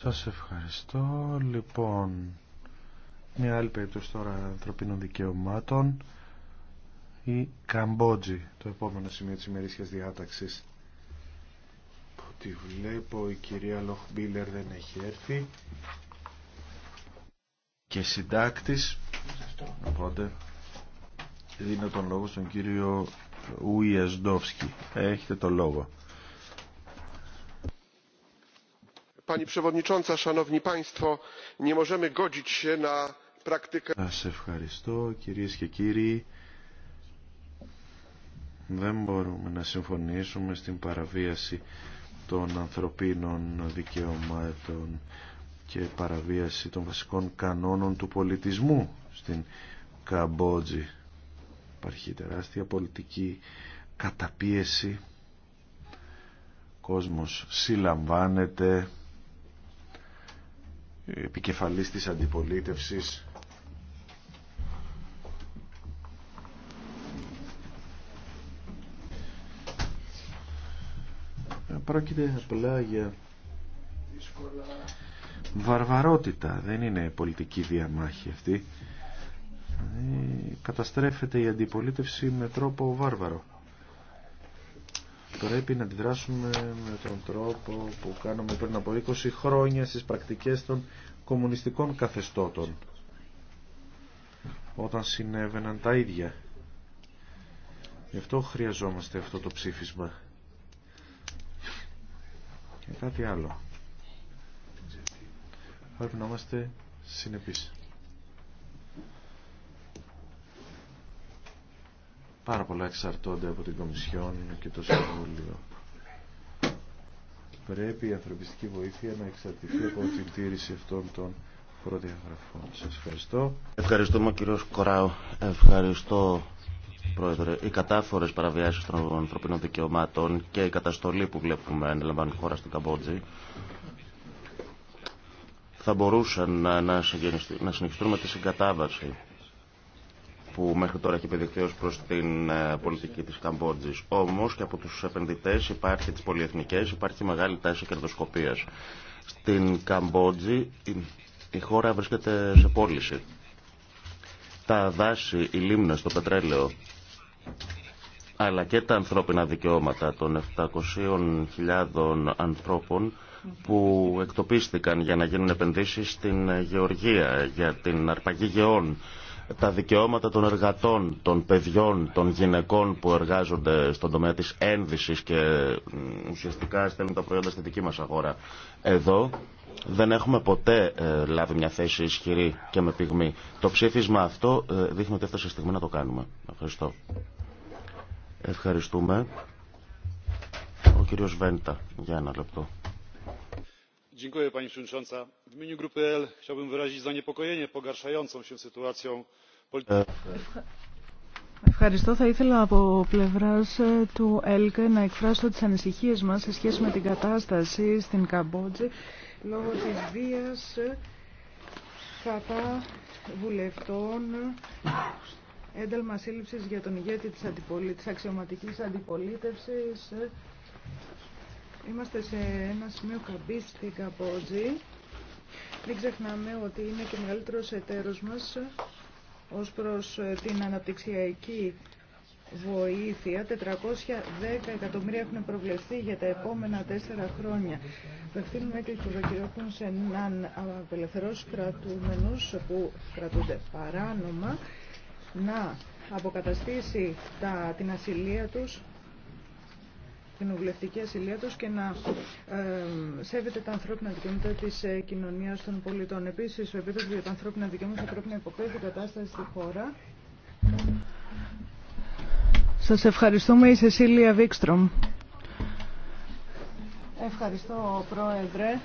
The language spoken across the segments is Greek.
Σας ευχαριστώ. Λοιπόν, μια άλλη περίπτωση τώρα ανθρωπίνων δικαιωμάτων. Η Καμπότζη, το επόμενο σημείο της ημερήσιας διάταξης. Που τη βλέπω, η κυρία Λοχμπίλερ δεν έχει έρθει. Και συντάκτης. Οπότε, δίνω τον λόγο στον κύριο Ουιασντόφσκι. Έχετε τον λόγο. pani przewodnicząca! szanowni nie możemy na ευχαριστώ και Δεν μπορούμε να συμφωνήσουμε στην παραβίαση των ανθρωπίνων δικαιωμάτων και παραβίαση των βασικών κανόνων του πολιτισμού στην Καμπότζη. Υπάρχει τεράστια πολιτική καταπίεση. Κόσμος συλλαμβάνεται επικεφαλής της αντιπολίτευσης πρόκειται απλά για βαρβαρότητα δεν είναι πολιτική διαμάχη αυτή ε, καταστρέφεται η αντιπολίτευση με τρόπο βάρβαρο πρέπει να αντιδράσουμε με τον τρόπο που κάνουμε πριν από 20 χρόνια στις πρακτικές των κομμουνιστικών καθεστώτων όταν συνέβαιναν τα ίδια. Γι' αυτό χρειαζόμαστε αυτό το ψήφισμα. Και κάτι άλλο. Πρέπει να είμαστε συνεπείς. Πάρα πολλά εξαρτώνται από την Κομισιόν και το Συμβούλιο. Πρέπει η ανθρωπιστική βοήθεια να εξαρτηθεί από την τήρηση αυτών των προδιαγραφών. Σα ευχαριστώ. Ευχαριστούμε κύριο Κοράου. Ευχαριστώ Πρόεδρε, οι κατάφορε παραβιάσει των ανθρωπίνων δικαιωμάτων και η καταστολή που βλέπουμε ανελαμβάνει χώρα στην Καμπότζη θα μπορούσαν να συνεχιστούν με τη συγκατάβαση που μέχρι τώρα έχει επιδειχθεί ω προς την ε, πολιτική της Καμπότζης. Όμως και από του επενδυτέ υπάρχει τι πολυεθνικές, υπάρχει μεγάλη τάση κερδοσκοπία. Στην Καμπότζη η χώρα βρίσκεται σε πώληση. Τα δάση, οι λίμνε το πετρέλαιο, αλλά και τα ανθρώπινα δικαιώματα των 700.000 ανθρώπων που εκτοπίστηκαν για να γίνουν επενδύσεις στην γεωργία, για την αρπαγή γεών, τα δικαιώματα των εργατών, των παιδιών, των γυναικών που εργάζονται στον τομέα της ένδυσης και ουσιαστικά στέλνουν τα προϊόντα στη δική μας αγορά. Εδώ δεν έχουμε ποτέ ε, λάβει μια θέση ισχυρή και με πυγμή. Το ψήφισμα αυτό ε, δείχνει ότι έφτασε η στιγμή να το κάνουμε. Ευχαριστώ. Ευχαριστούμε. Ο κύριος Βέντα για ένα λεπτό. Ευχαριστώ. Θα ήθελα από πλευρά ε, του ΕΛΚ να εκφράσω τι ανησυχίε μα σε σχέση με την κατάσταση στην Καμπότζη λόγω τη βία ε, κατά βουλευτών, ένταλμα σύλληψη για τον ηγέτη τη αξιωματική αντιπολίτευση ε, Είμαστε σε ένα σημείο καμπή στην Καμπότζη. Μην ξεχνάμε ότι είναι και μεγαλύτερο εταίρο μας ως προς ε, την αναπτυξιακή βοήθεια. 410 εκατομμύρια έχουν προβλεφθεί για τα επόμενα τέσσερα χρόνια. Απευθύνουμε και δοκιμάτων σε έναν απελευθερώσει κρατουμένου που κρατούνται παράνομα να αποκαταστήσει τα, την ασυλία τους ουλευτική ασυλία τους και να σέβεται τα ανθρώπινα δικαιώματα της ε, κοινωνίας των πολιτών. Επίσης, ο επίπεδο για τα ανθρώπινα δικαιώματα πρέπει να υποπέδει την κατάσταση στη χώρα. Σας ευχαριστούμε η Σεσίλια Βίκστρομ. Ευχαριστώ, Πρόεδρε.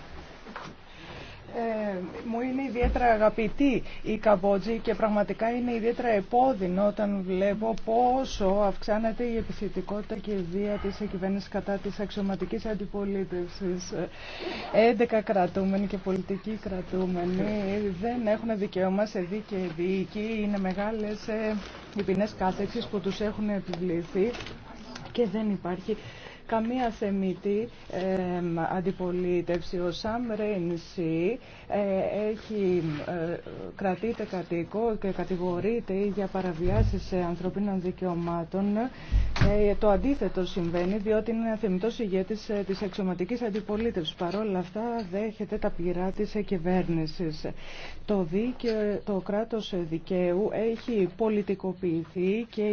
Ε, μου είναι ιδιαίτερα αγαπητή η Καμπότζη και πραγματικά είναι ιδιαίτερα επώδυνο όταν βλέπω πόσο αυξάνεται η επιθετικότητα και η βία της κυβέρνηση κατά της αξιωματικής αντιπολίτευσης. 11 κρατούμενοι και πολιτικοί κρατούμενοι δεν έχουν δικαίωμα σε δίκαιη δίκη. Είναι μεγάλες ε, οι ποινές που τους έχουν επιβληθεί και δεν υπάρχει καμία θεμητή αντιπολίτευση. Ο Σαμ Ρένσι ε, έχει, ε, κρατείται κατοίκο και κατηγορείται για παραβιάσεις ε, ανθρωπίνων δικαιωμάτων. το αντίθετο συμβαίνει διότι είναι θεμητός ηγέτης της εξωματικής αντιπολίτευσης. Παρόλα αυτά δέχεται τα πειρά της κυβέρνησης. Το, δίκαιο, το κράτος δικαίου έχει πολιτικοποιηθεί και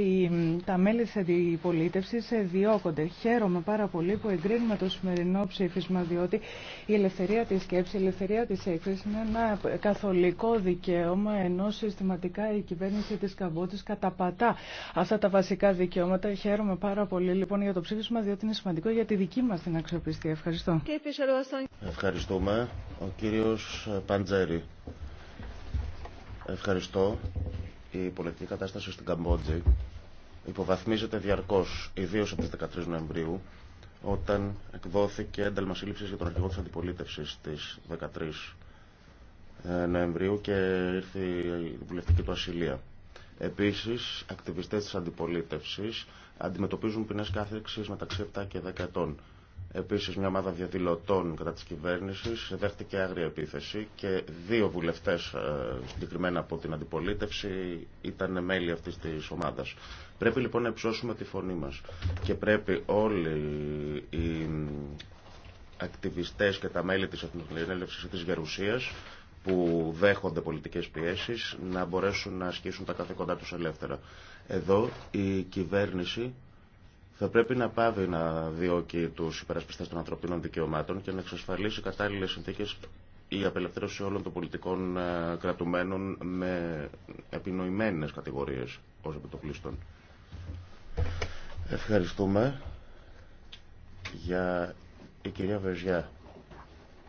τα μέλη της αντιπολίτευσης διώκονται. Χαίρομαι πάρα πολύ που εγκρίνουμε το σημερινό ψήφισμα, διότι η ελευθερία της σκέψης, η ελευθερία της έκθεσης είναι ένα καθολικό δικαίωμα, ενώ συστηματικά η κυβέρνηση της Καμπότης καταπατά αυτά τα βασικά δικαιώματα. Χαίρομαι πάρα πολύ λοιπόν για το ψήφισμα, διότι είναι σημαντικό για τη δική μας την αξιοπιστία. Ευχαριστώ. Ευχαριστούμε. Ο κύριος Παντζέρη. Ευχαριστώ. Η πολιτική κατάσταση στην Καμπότζη υποβαθμίζεται διαρκώς, ιδίως από τις 13 Νοεμβρίου, όταν εκδόθηκε ένταλμα σύλληψης για τον αρχηγό της αντιπολίτευσης στις 13 ε, Νοεμβρίου και ήρθε η βουλευτική του ασυλία. Επίσης, ακτιβιστές της αντιπολίτευσης αντιμετωπίζουν ποινές κάθεξης μεταξύ 7 και 10 ετών. Επίσης μια ομάδα διαδηλωτών κατά τη κυβέρνησης δέχτηκε άγρια επίθεση και δύο βουλευτές ε, συγκεκριμένα από την αντιπολίτευση ήταν μέλη αυτής της ομάδας. Πρέπει λοιπόν να υψώσουμε τη φωνή μας και πρέπει όλοι οι ακτιβιστέ και τα μέλη της Εθνικής τη Γερουσίας που δέχονται πολιτικές πιέσεις να μπορέσουν να ασκήσουν τα καθήκοντά τους ελεύθερα. Εδώ η κυβέρνηση θα πρέπει να πάβει να διώκει του υπερασπιστέ των ανθρωπίνων δικαιωμάτων και να εξασφαλίσει κατάλληλε συνθήκε η απελευθέρωση όλων των πολιτικών ε, κρατουμένων με επινοημένες κατηγορίες ως επιτοπλίστων. Ευχαριστούμε για η κυρία Βεζιά.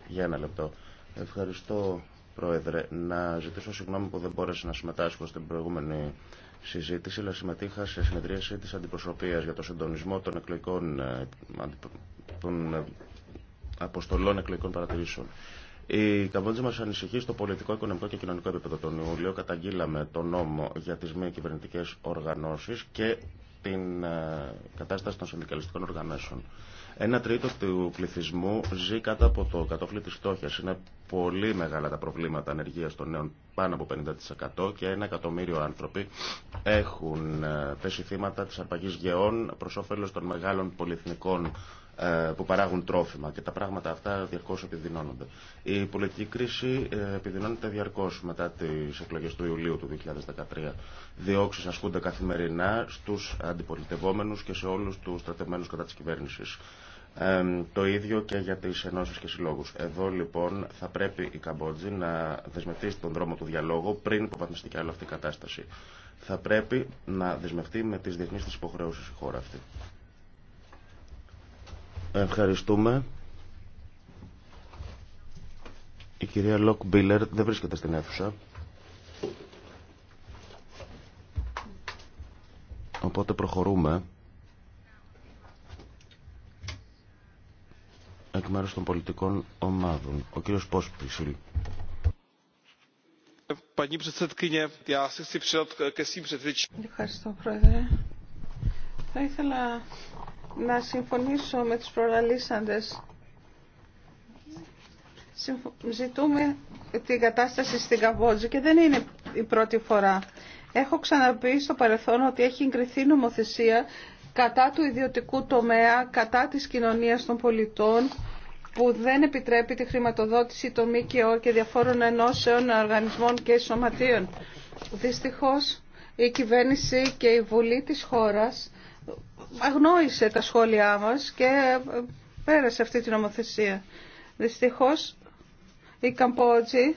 Για ένα λεπτό. Ευχαριστώ, Πρόεδρε. Να ζητήσω συγγνώμη που δεν μπόρεσα να συμμετάσχω στην προηγούμενη συζήτηση, αλλά συμμετείχα σε συνεδρίαση της αντιπροσωπείας για το συντονισμό των εκλογικών ε, των ε, αποστολών εκλογικών παρατηρήσεων. Η Καμπότζη μα ανησυχεί στο πολιτικό, οικονομικό και κοινωνικό επίπεδο. Τον Ιούλιο καταγγείλαμε τον νόμο για τι μη κυβερνητικέ οργανώσει και την ε, κατάσταση των συνδικαλιστικών οργανώσεων. Ένα τρίτο του πληθυσμού ζει κάτω από το κατόφλι της φτώχειας. Είναι πολύ μεγάλα τα προβλήματα ανεργίας των νέων πάνω από 50% και ένα εκατομμύριο άνθρωποι έχουν ε, πέσει θύματα της αρπαγής γεών προς όφελος των μεγάλων πολυεθνικών ε, που παράγουν τρόφιμα και τα πράγματα αυτά διαρκώ επιδεινώνονται. Η πολιτική κρίση ε, επιδεινώνεται διαρκώ μετά τι εκλογέ του Ιουλίου του 2013. Διώξει ασκούνται καθημερινά στου αντιπολιτευόμενου και σε όλου του στρατευμένου κατά τη κυβέρνηση το ίδιο και για τις ενώσεις και συλλόγους. Εδώ λοιπόν θα πρέπει η Καμπότζη να δεσμευτεί στον δρόμο του διαλόγου πριν υποβαθμιστεί και άλλο αυτή η κατάσταση. Θα πρέπει να δεσμευτεί με τις διεθνείς της υποχρεώσεις η χώρα αυτή. Ευχαριστούμε. Η κυρία Λοκ Μπίλερ δεν βρίσκεται στην αίθουσα. Οπότε προχωρούμε. εκ μέρους των πολιτικών ομάδων. Ο κύριος Πόσπισιλ. Ευχαριστώ, Πρόεδρε. Θα ήθελα να συμφωνήσω με τους προλαλήσαντες. Ζητούμε την κατάσταση στην Καβότζη και δεν είναι η πρώτη φορά. Έχω ξαναπεί στο παρελθόν ότι έχει εγκριθεί νομοθεσία κατά του ιδιωτικού τομέα, κατά της κοινωνίας των πολιτών που δεν επιτρέπει τη χρηματοδότηση των ΜΚΟ και διαφόρων ενώσεων οργανισμών και σωματείων. Δυστυχώς η κυβέρνηση και η Βουλή της χώρας αγνόησε τα σχόλιά μας και ε, πέρασε αυτή την νομοθεσία. Δυστυχώς η Καμπότζη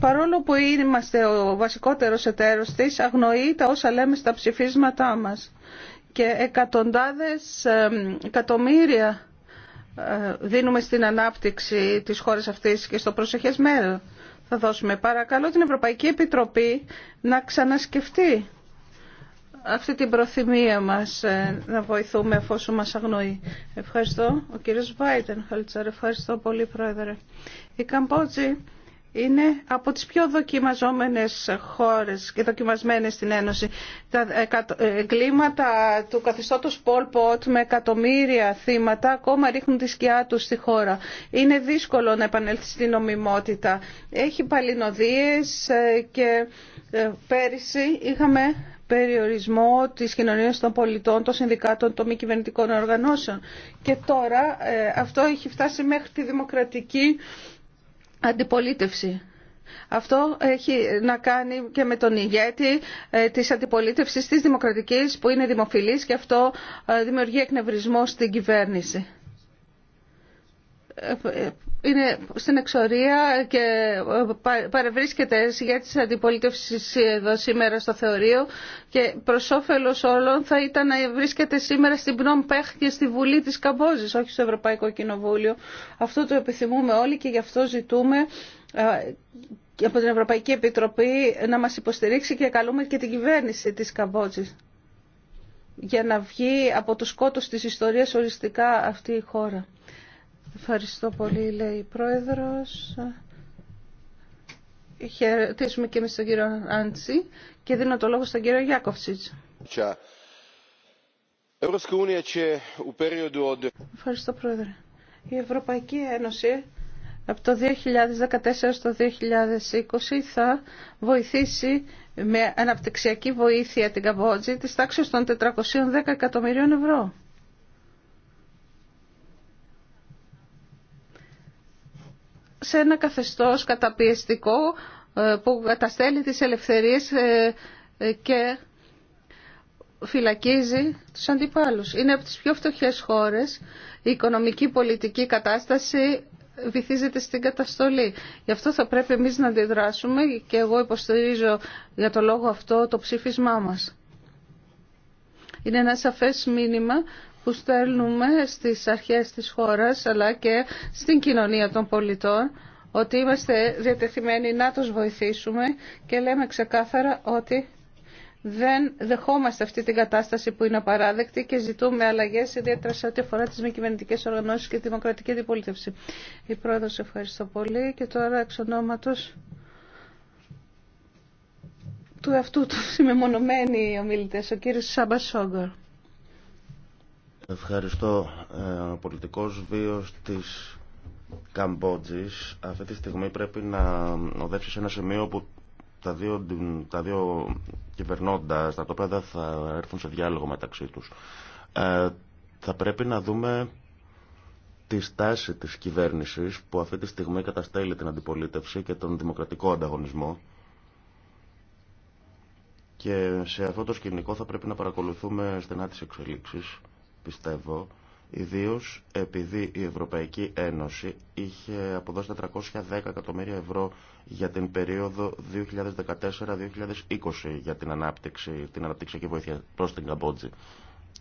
παρόλο που είμαστε ο βασικότερος εταίρος της αγνοεί τα όσα λέμε στα ψηφίσματά μας και εκατοντάδες ε, εκατομμύρια ε, δίνουμε στην ανάπτυξη της χώρας αυτής και στο προσεχές μέλλον. Θα δώσουμε παρακαλώ την Ευρωπαϊκή Επιτροπή να ξανασκεφτεί αυτή την προθυμία μας ε, να βοηθούμε εφόσον μας αγνοεί. Ευχαριστώ. Ο κύριος Βάιτεν Χαλτσαρ, ευχαριστώ πολύ πρόεδρε. Η Καμπότζη είναι από τις πιο δοκιμαζόμενες χώρες και δοκιμασμένες στην Ένωση. Τα εγκλήματα ε, του καθεστώτος Πολ με εκατομμύρια θύματα ακόμα ρίχνουν τη σκιά τους στη χώρα. Είναι δύσκολο να επανέλθει στην νομιμότητα. Έχει παλινοδίες ε, και ε, πέρυσι είχαμε περιορισμό της κοινωνίας των πολιτών, των συνδικάτων, των μη κυβερνητικών οργανώσεων. Και τώρα αυτό έχει φτάσει μέχρι τη δημοκρατική αντιπολίτευση. Αυτό έχει να κάνει και με τον ηγέτη ε, της αντιπολίτευσης της Δημοκρατικής που είναι δημοφιλής και αυτό ε, δημιουργεί εκνευρισμό στην κυβέρνηση είναι στην εξορία και παρευρίσκεται για τις αντιπολίτευσης εδώ σήμερα στο θεωρείο και προς όφελος όλων θα ήταν να βρίσκεται σήμερα στην Πνόμ και στη Βουλή της Καμπόζης, όχι στο Ευρωπαϊκό Κοινοβούλιο. Αυτό το επιθυμούμε όλοι και γι' αυτό ζητούμε από την Ευρωπαϊκή Επιτροπή να μας υποστηρίξει και καλούμε και την κυβέρνηση της Καμπότζης για να βγει από το σκότος της ιστορίας οριστικά αυτή η χώρα. Ευχαριστώ πολύ, λέει η Πρόεδρος. Χαιρετίζουμε και εμείς τον κύριο Άντσι και δίνω το λόγο στον κύριο Γιάκοφτσιτ. Ευχαριστώ, Πρόεδρε. Η Ευρωπαϊκή Ένωση από το 2014 στο 2020 θα βοηθήσει με αναπτυξιακή βοήθεια την Καμπότζη της τάξης των 410 εκατομμυρίων ευρώ. σε ένα καθεστώς καταπιεστικό ε, που καταστέλει τις ελευθερίες ε, ε, και φυλακίζει τους αντιπάλους. Είναι από τις πιο φτωχές χώρες. Η οικονομική πολιτική κατάσταση βυθίζεται στην καταστολή. Γι' αυτό θα πρέπει εμείς να αντιδράσουμε και εγώ υποστηρίζω για το λόγο αυτό το ψήφισμά μας. Είναι ένα σαφές μήνυμα που στέλνουμε στις αρχές της χώρας αλλά και στην κοινωνία των πολιτών ότι είμαστε διατεθειμένοι να τους βοηθήσουμε και λέμε ξεκάθαρα ότι δεν δεχόμαστε αυτή την κατάσταση που είναι απαράδεκτη και ζητούμε αλλαγέ ιδιαίτερα σε ό,τι αφορά τι μη κυβερνητικέ οργανώσει και τη δημοκρατική αντιπολίτευση. Η πρόεδρο, ευχαριστώ πολύ. Και τώρα εξ ονόματο του αυτού του συμμεμονωμένοι ομιλητέ, ο κύριο Σάμπα Σόγκορ. Ευχαριστώ. Ε, ο πολιτικός βίος της Καμπότζης αυτή τη στιγμή πρέπει να οδεύσει σε ένα σημείο που τα δύο, τα δύο κυβερνώντα στρατόπεδα θα έρθουν σε διάλογο μεταξύ τους. Ε, θα πρέπει να δούμε τη στάση της κυβέρνησης που αυτή τη στιγμή καταστέλει την αντιπολίτευση και τον δημοκρατικό ανταγωνισμό και σε αυτό το σκηνικό θα πρέπει να παρακολουθούμε στενά τις εξελίξεις πιστεύω, ιδίω επειδή η Ευρωπαϊκή Ένωση είχε αποδώσει 410 εκατομμύρια ευρώ για την περίοδο 2014-2020 για την ανάπτυξη, την αναπτυξιακή βοήθεια προς την Καμπότζη.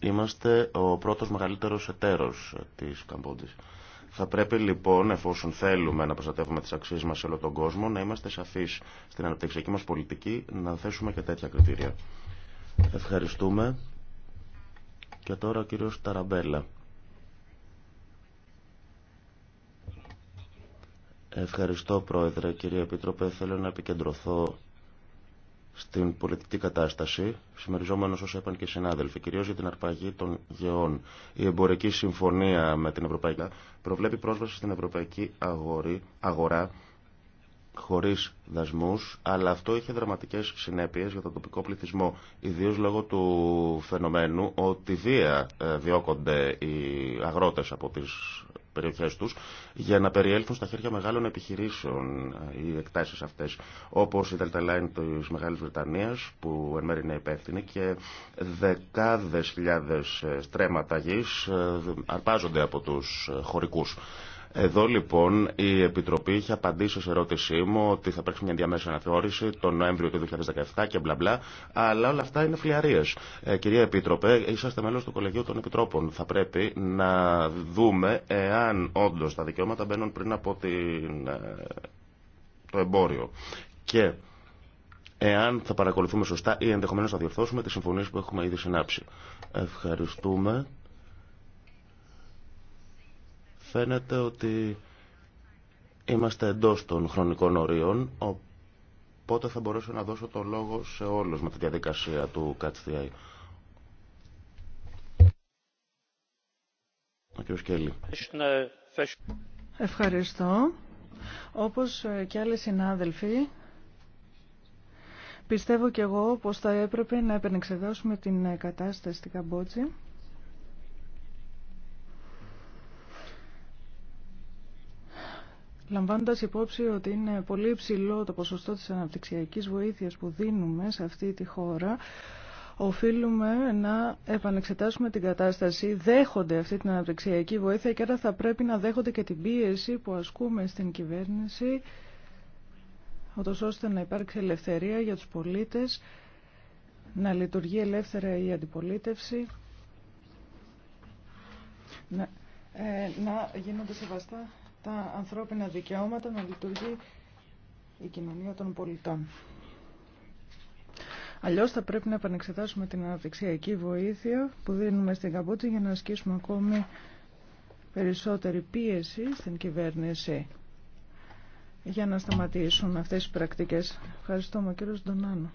Είμαστε ο πρώτος μεγαλύτερος εταίρος της Καμπότζης. Θα πρέπει λοιπόν, εφόσον θέλουμε να προστατεύουμε τις αξίες μας σε όλο τον κόσμο, να είμαστε σαφείς στην αναπτυξιακή μας πολιτική, να θέσουμε και τέτοια κριτήρια. Ευχαριστούμε. Και τώρα ο κύριος Ταραμπέλα. Ευχαριστώ Πρόεδρε, κυρία Επίτροπε. Θέλω να επικεντρωθώ στην πολιτική κατάσταση, συμμεριζόμενος όσο είπαν και οι συνάδελφοι, κυρίως για την αρπαγή των γεών. Η εμπορική συμφωνία με την Ευρωπαϊκή προβλέπει πρόσβαση στην Ευρωπαϊκή αγορά χωρίς δασμού, αλλά αυτό είχε δραματικές συνέπειες για τον τοπικό πληθυσμό, ιδίως λόγω του φαινομένου ότι βία ε, διώκονται οι αγρότες από τις περιοχέ τους για να περιέλθουν στα χέρια μεγάλων επιχειρήσεων ε, οι εκτάσει αυτές όπως η Delta Line της Μεγάλης που εν μέρει είναι υπεύθυνη και δεκάδες χιλιάδε ε, στρέμματα γης αρπάζονται από τους χωρικούς. Εδώ λοιπόν η Επιτροπή είχε απαντήσει σε ερώτησή μου ότι θα πρέπει μια διαμέσα αναθεώρηση τον Νοέμβριο του 2017 και μπλα μπλα, αλλά όλα αυτά είναι φλιαρίε. Ε, κυρία Επίτροπε, είσαστε μέλο του Κολεγίου των Επιτρόπων. Θα πρέπει να δούμε εάν όντω τα δικαιώματα μπαίνουν πριν από την, ε, το εμπόριο. Και εάν θα παρακολουθούμε σωστά ή ενδεχομένω θα διορθώσουμε τι συμφωνίε που έχουμε ήδη συνάψει. Ευχαριστούμε φαίνεται ότι είμαστε εντός των χρονικών ορίων, οπότε θα μπορέσω να δώσω το λόγο σε όλους με τη διαδικασία του ΚΑΤΣΤΙΑΗ. Ευχαριστώ. Όπως και άλλοι συνάδελφοι, πιστεύω και εγώ πως θα έπρεπε να επενεξεδώσουμε την κατάσταση στην Καμπότζη. Λαμβάνοντα υπόψη ότι είναι πολύ υψηλό το ποσοστό της αναπτυξιακής βοήθειας που δίνουμε σε αυτή τη χώρα, οφείλουμε να επανεξετάσουμε την κατάσταση. Δέχονται αυτή την αναπτυξιακή βοήθεια και άρα θα πρέπει να δέχονται και την πίεση που ασκούμε στην κυβέρνηση, ώστε να υπάρξει ελευθερία για τους πολίτες, να λειτουργεί ελεύθερα η αντιπολίτευση, να, ε, να γίνονται τα ανθρώπινα δικαιώματα να λειτουργεί η κοινωνία των πολιτών. Αλλιώς θα πρέπει να επανεξετάσουμε την αναπτυξιακή βοήθεια που δίνουμε στην Καμπούτση για να ασκήσουμε ακόμη περισσότερη πίεση στην κυβέρνηση για να σταματήσουν αυτές τις πρακτικές. Ευχαριστώ, ο κύριος Ντονάνο.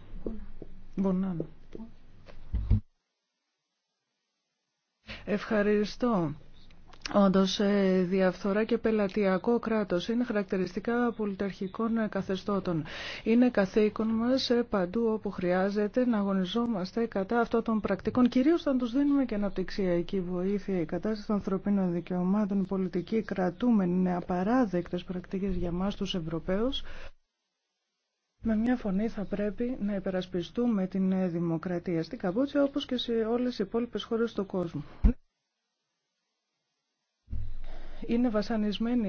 Ευχαριστώ. Όντω, ε, διαφθορά και πελατειακό κράτο είναι χαρακτηριστικά πολιταρχικών ε, καθεστώτων. Είναι καθήκον μα ε, παντού όπου χρειάζεται να αγωνιζόμαστε κατά αυτών των πρακτικών, κυρίω όταν του δίνουμε και αναπτυξιακή βοήθεια. Η κατάσταση των ανθρωπίνων δικαιωμάτων, πολιτική κρατούμενη είναι απαράδεκτε πρακτικέ για εμά του Ευρωπαίου. Με μια φωνή θα πρέπει να υπερασπιστούμε την δημοκρατία στην καμπότσια, όπως και σε όλες οι υπόλοιπες χώρες του κόσμου είναι βασανισμένη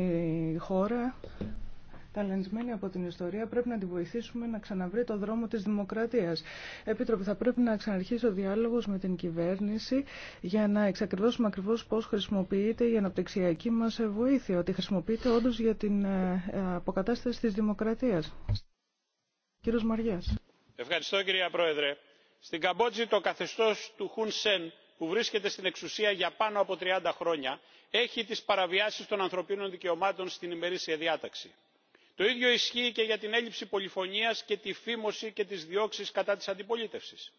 η χώρα, ταλανισμένη από την ιστορία. Πρέπει να τη βοηθήσουμε να ξαναβρει το δρόμο της δημοκρατίας. Επίτροπε, θα πρέπει να ξαναρχίσει ο διάλογος με την κυβέρνηση για να εξακριβώσουμε ακριβώς πώς χρησιμοποιείται η αναπτυξιακή μας βοήθεια, ότι χρησιμοποιείται όντως για την ε, αποκατάσταση της δημοκρατίας. Κύριος Μαριάς. Ευχαριστώ κυρία Πρόεδρε. Στην Καμπότζη το καθεστώς του Χουν Σεν που βρίσκεται στην εξουσία για πάνω από τριάντα χρόνια έχει τις παραβιάσεις των ανθρωπίνων δικαιωμάτων στην ημερήσια διάταξη. το ίδιο ισχύει και για την έλλειψη πολυφωνίας και τη φήμωση και τις διώξεις κατά της αντιπολίτευσης.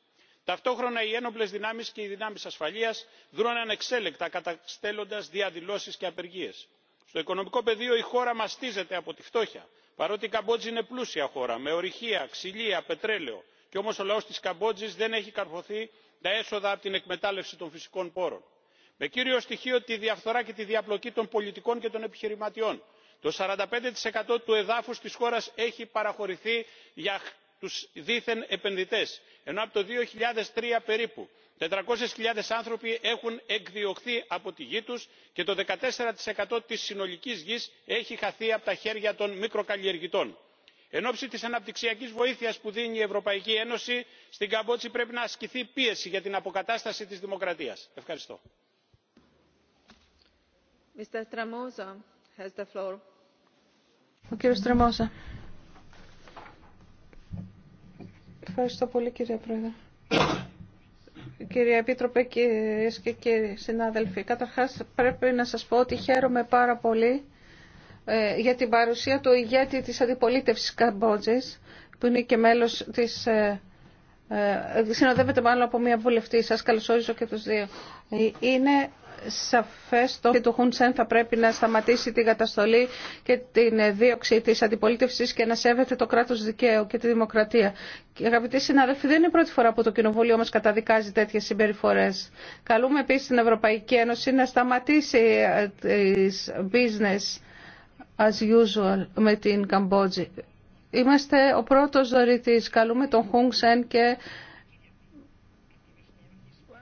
ταυτόχρονα οι ένοπλες δυνάμεις και οι δυνάμεις ασφαλείας δρούν ανεξέλεκτα καταστέλλοντας διαδηλώσεις και απεργίες. στο οικονομικό πεδίο η χώρα μαστίζεται από τη φτώχεια παρότι η καμπότζη είναι πλούσια χώρα με ορυχεία ξυλία πετρέλαιο και όμως ο λαός της καμπότζης δεν έχει καρποθεί τα έσοδα από την εκμετάλλευση των φυσικών πόρων με κύριο στοιχείο τη διαφθορά και τη διαπλοκή των πολιτικών και των επιχειρηματιών. το 45 του εδάφους της χώρας έχει παραχωρηθεί για τους δίθεν επενδυτές ενώ από το 2003 περίπου 400.000 άνθρωποι έχουν εκδιωχθεί από τη γη τους και το 14% της συνολικής γης έχει χαθεί από τα χέρια των μικροκαλλιεργητών εν ώψη της αναπτυξιακής βοήθειας που δίνει η ευρωπαϊκή ένωση στην καμπότζη πρέπει να ασκηθεί πίεση για την αποκατάσταση της δημοκρατίας. ευχαριστώ. Ο Ευχαριστώ πολύ κύριε Πρόεδρε. Κύριε Επίτροπε, κυρίε και κύριοι συνάδελφοι, καταρχάς πρέπει να σας πω ότι χαίρομαι πάρα πολύ ε, για την παρουσία του ηγέτη της αντιπολίτευσης Καμπότζης, που είναι και μέλος της... Ε, ε, συνοδεύεται μάλλον από μια βουλευτή. Σας καλωσόριζω και τους δύο. Είναι σαφές το ότι το Χουντσέν θα πρέπει να σταματήσει την καταστολή και την δίωξη της αντιπολίτευσης και να σέβεται το κράτος δικαίου και τη δημοκρατία. Και αγαπητοί συνάδελφοι, δεν είναι η πρώτη φορά που το Κοινοβούλιο μας καταδικάζει τέτοιες συμπεριφορές. Καλούμε επίσης την Ευρωπαϊκή Ένωση να σταματήσει τις business as usual με την Καμπότζη. Είμαστε ο πρώτος δωρητής. Καλούμε τον Χουνγκ Σεν και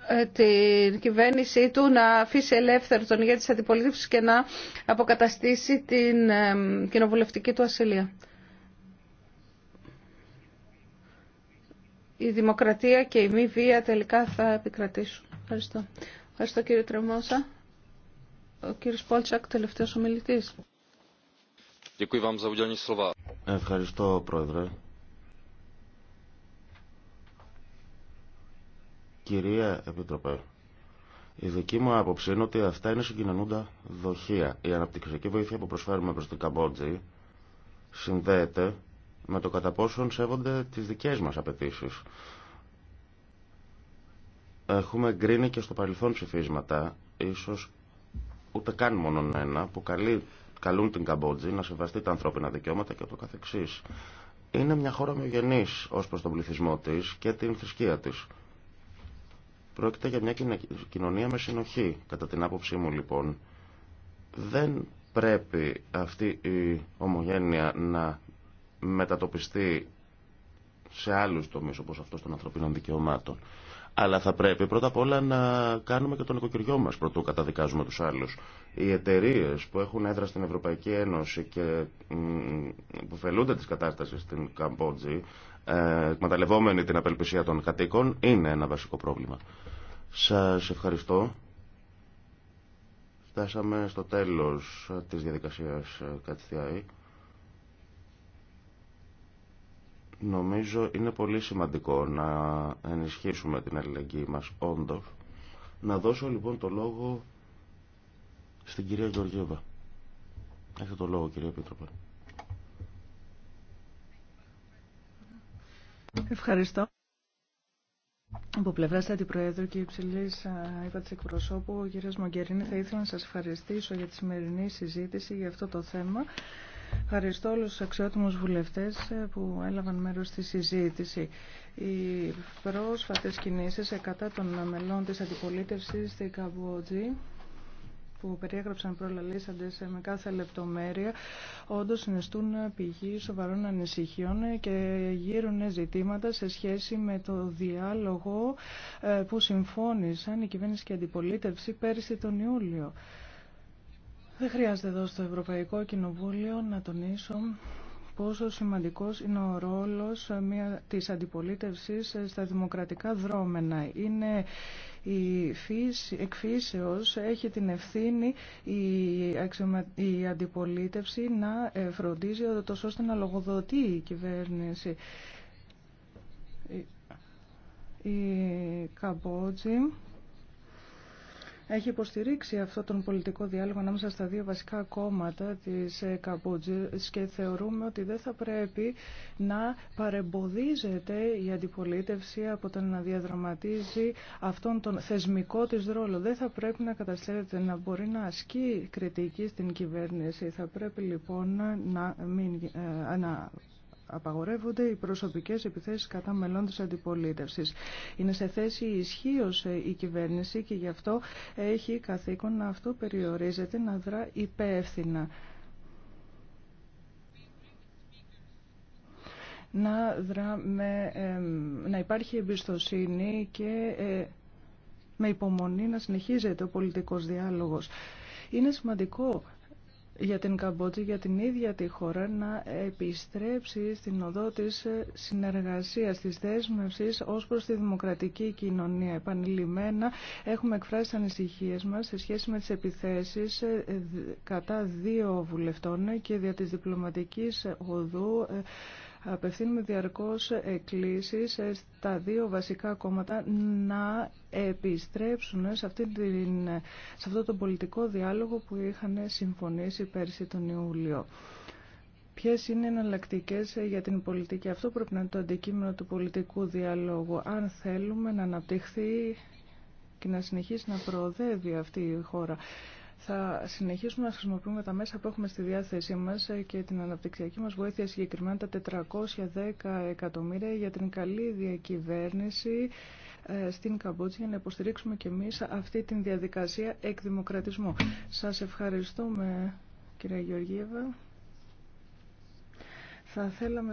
ε, την κυβέρνησή του να αφήσει ελεύθερο τον ηγέτη της αντιπολίτευσης και να αποκαταστήσει την κοινοβουλευτική του ασυλία. Η δημοκρατία και η μη βία τελικά θα επικρατήσουν. Ευχαριστώ. Ευχαριστώ κύριε Τρεμόσα. Ο κύριος Πόλτσακ, τελευταίος ομιλητής. Ευχαριστώ, Πρόεδρε. Κυρία Επίτροπε, η δική μου άποψη είναι ότι αυτά είναι συγκοινωνούντα δοχεία. Η αναπτυξιακή βοήθεια που προσφέρουμε προς την Καμπότζη συνδέεται με το κατά πόσον σέβονται τις δικές μας απαιτήσει. Έχουμε γκρίνει και στο παρελθόν ψηφίσματα, ίσως ούτε καν μόνο ένα, που καλεί καλούν την Καμπότζη να σεβαστεί τα ανθρώπινα δικαιώματα και το καθεξής. Είναι μια χώρα ομοιογενής ως προς τον πληθυσμό της και την θρησκεία της. Πρόκειται για μια κοινωνία με συνοχή, κατά την άποψή μου λοιπόν. Δεν πρέπει αυτή η ομογένεια να μετατοπιστεί σε άλλους τομείς όπως αυτός των ανθρωπίνων δικαιωμάτων. Αλλά θα πρέπει πρώτα απ' όλα να κάνουμε και τον οικοκυριό μα πρωτού καταδικάζουμε του άλλου. Οι εταιρείε που έχουν έδρα στην Ευρωπαϊκή Ένωση και που φελούνται τη κατάσταση στην Καμπότζη, ε, εκμεταλλευόμενοι την απελπισία των κατοίκων, είναι ένα βασικό πρόβλημα. Σα ευχαριστώ. Φτάσαμε στο τέλος της διαδικασίας ΚΑΤΣΤΙΑΗ. Ε, Νομίζω είναι πολύ σημαντικό να ενισχύσουμε την αλληλεγγύη μας, όντως. Να δώσω λοιπόν το λόγο στην κυρία Γεωργίευα. Έχετε το λόγο κυρία Επίτροπε. Ευχαριστώ. Από της Αντιπροέδρου και υψηλής είπα τη εκπροσώπου, ο κ. Μογκερίνη, θα ήθελα να σας ευχαριστήσω για τη σημερινή συζήτηση για αυτό το θέμα. Ευχαριστώ όλους τους αξιότιμους βουλευτές ε, που έλαβαν μέρος στη συζήτηση. Οι πρόσφατες κινήσεις κατά των μελών της αντιπολίτευσης στη Καμπότζη που περιέγραψαν προλαλήσαντες ε, με κάθε λεπτομέρεια, όντως συνιστούν πηγή σοβαρών ανησυχιών και γύρουν ζητήματα σε σχέση με το διάλογο ε, που συμφώνησαν η κυβέρνηση και η αντιπολίτευση πέρσι τον Ιούλιο. Δεν χρειάζεται εδώ στο Ευρωπαϊκό Κοινοβούλιο να τονίσω πόσο σημαντικός είναι ο ρόλος ε, μια, της αντιπολίτευσης ε, στα δημοκρατικά δρόμενα. Είναι η φύση, εκφύσεως έχει την ευθύνη η, αντιπολίτευση να ε, φροντίζει το ώστε να λογοδοτεί η κυβέρνηση. Η Καμπότζη έχει υποστηρίξει αυτό τον πολιτικό διάλογο ανάμεσα στα δύο βασικά κόμματα της ε, Καμπούτζη και θεωρούμε ότι δεν θα πρέπει να παρεμποδίζεται η αντιπολίτευση από το να διαδραματίζει αυτόν τον θεσμικό της ρόλο. Δεν θα πρέπει να καταστρέφεται, να μπορεί να ασκεί κριτική στην κυβέρνηση. Θα πρέπει λοιπόν να μην ε, να απαγορεύονται οι προσωπικές επιθέσεις κατά μελών της αντιπολίτευσης. Είναι σε θέση ισχύω ε, η κυβέρνηση και γι' αυτό έχει καθήκον να αυτό περιορίζεται να δρά υπεύθυνα. Να, δρά να υπάρχει εμπιστοσύνη και ε, με υπομονή να συνεχίζεται ο πολιτικός διάλογος. Είναι σημαντικό για την Καμπότζη, για την ίδια τη χώρα να επιστρέψει στην οδό της συνεργασίας, της δέσμευσης ως προς τη δημοκρατική κοινωνία. Επανειλημμένα έχουμε εκφράσει ανησυχίες μας σε σχέση με τις επιθέσεις ε, κατά δύο βουλευτών και δια της διπλωματικής οδού ε, Απευθύνουμε διαρκώς εκκλήσεις στα δύο βασικά κόμματα να επιστρέψουν σε, αυτή την, σε αυτό το πολιτικό διάλογο που είχαν συμφωνήσει πέρσι τον Ιούλιο. Ποιε είναι οι εναλλακτικέ για την πολιτική. Αυτό πρέπει να είναι το αντικείμενο του πολιτικού διαλόγου. Αν θέλουμε να αναπτυχθεί και να συνεχίσει να προοδεύει αυτή η χώρα. Θα συνεχίσουμε να χρησιμοποιούμε τα μέσα που έχουμε στη διάθεσή μας ε, και την αναπτυξιακή μας βοήθεια συγκεκριμένα τα 410 εκατομμύρια για την καλή διακυβέρνηση ε, στην Καμπότζη για να υποστηρίξουμε και εμείς αυτή την διαδικασία εκδημοκρατισμού. Σας ευχαριστούμε κυρία Γεωργίευα. Θα θέλαμε